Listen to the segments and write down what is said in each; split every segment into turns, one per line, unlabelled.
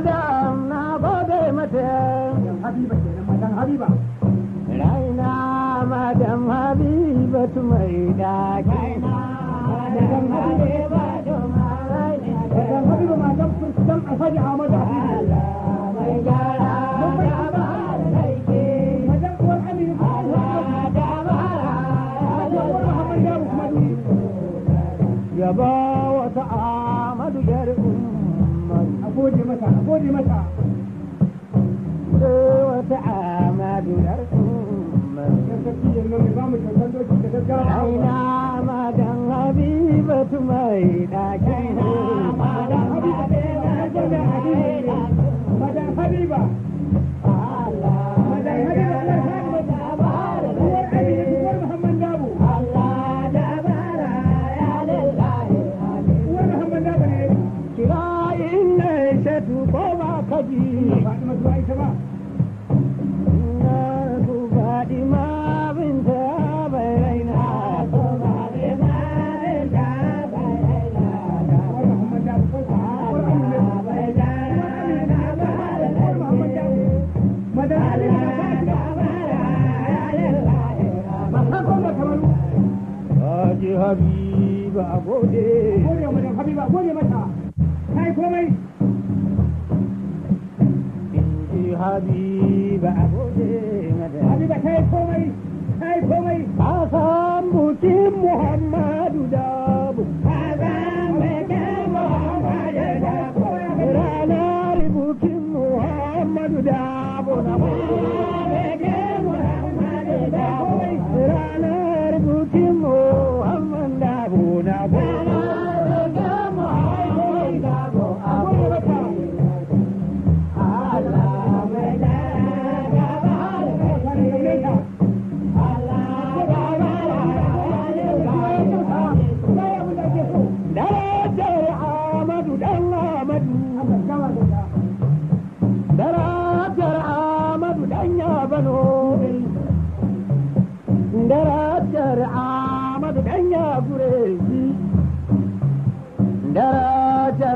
adam na gode mata habiba kenan matan habiba raina madam habiba tu mai daki raina madam habiba tu mai habiba madam habiba mai wata gode mata a gode mata eh, wata amadular habibatu mai ɗaki Habiba a gode. Gode mata, kai komai. habiba habiba kai komai kai komai ka san bukin muhammadu da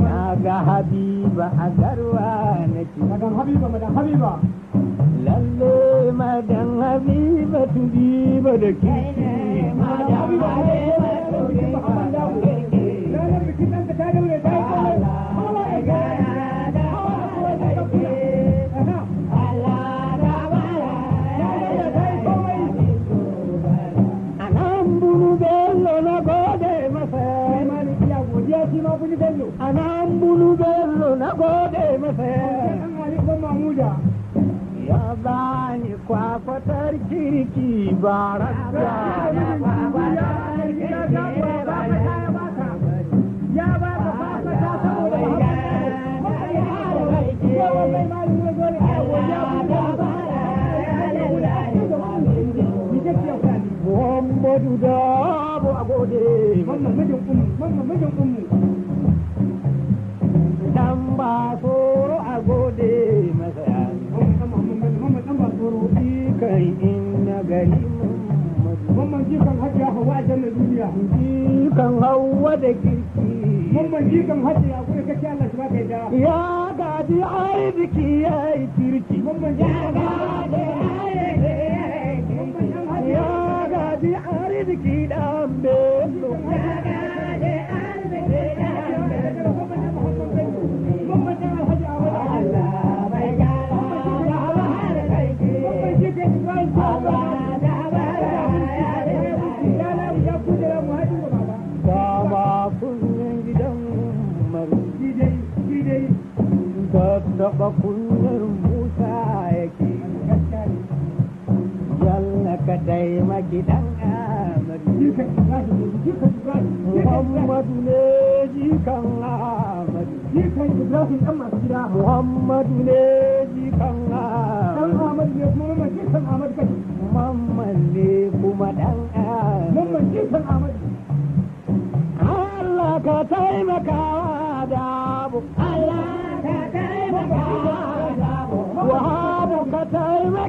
Naga Habiba a garwa nake. Madan Habiba, Madan Habiba. Lalle Madan Habiba tudiba da kishi. gode masa ya bani kwafatar kirki ba rasa ya ba ka fafata saboda Muhammadu da abu a gode. Mamma mijin umu, mamma ɗan ba a gode masa kan inna gari mamman jikan hajji hawa a jannar duniya jikan hawa da kirki mamman jikan hajji ya kuma kake Allah shi baka da ya gadi arziki ya yi kirki mamman ya gadi arziki ya gadi arziki dan bello raba kullum musa yake yalla ka taimaki ne ɗan masu Muhammadu ne jikan ne kuma jikan Ahmadu Mamman ne kuma ɗan Allah ka taimaka da abu. Allah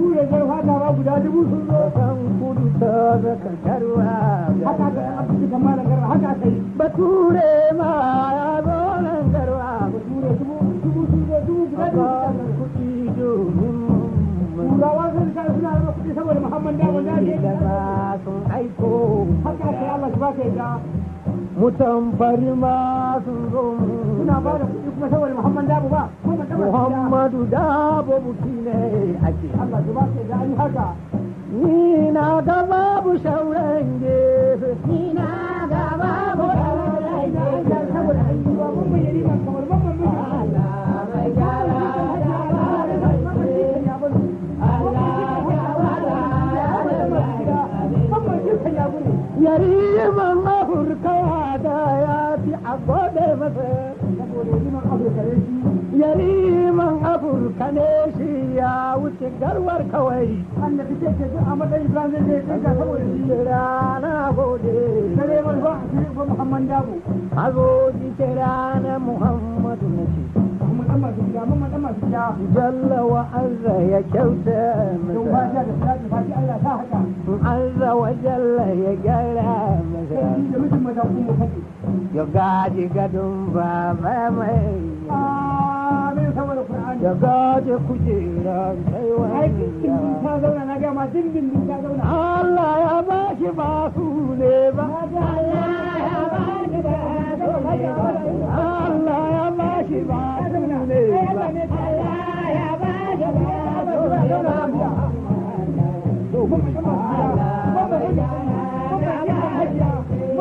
da zai fada ba guda dubu sun zo kudu ta zaka tarwa haka ga da haka bature ma ya zo nan garba bature dubu dubu sun zo dubu guda dubu kudi domin turawa sun suna da kudi saboda muhammad da wanda ne da sun aiko haka kai Allah ba mutan bari ma sun zo ba da kuɗi kuma saboda muhammad dabo ba muhammadu dabo ne ni na ga babu shauran gefe liman afirka da ya fi a gode masa ya liman afirka ne shi ya wuce garwar kawai an da fice ke a matsayin ibrahim zai kai saboda shi rana gode kare ba a zo rana muhammadu na ce jalla wa azza ya kyauta masa azza wa jalla ya gyara masa ya gaji gadon baba mai ya gaji kujerar kaiwa Allah ya ba shi ba su ne ba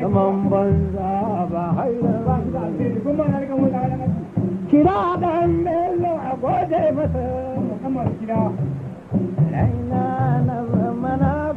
Zaman banza ba haira Kira ɗan bello a gode masa. Raina na mana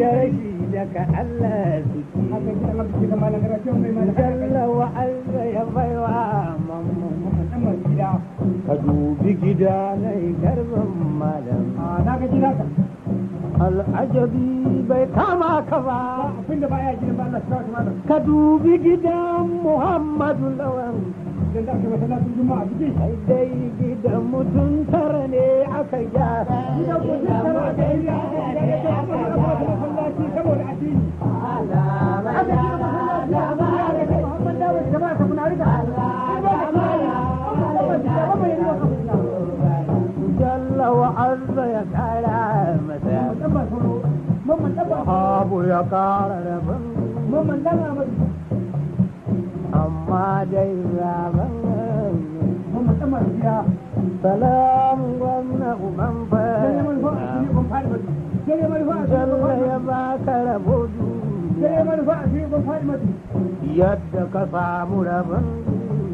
daraji daga Allah Jalla wa Allah ya baiwa mamman. Ka dubi gida na garban malam. Na gida ka. al'ajabi bai kama ka ba abinda ba ya gidan ba Allah shi kawai ka dubi gidan Muhammadu lawan dan da aka juma'a cikin sai dai gidan mutum tara ne aka gyara gidan mutum tara aka gyara ابویا کار رب محمد نامو امما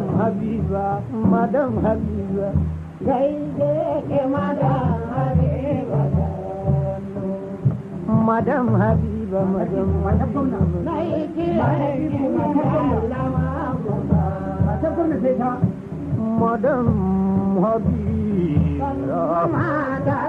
madam habiba madam habiba gaide ke madam habiba madam habiba madam madam habiba madam habiba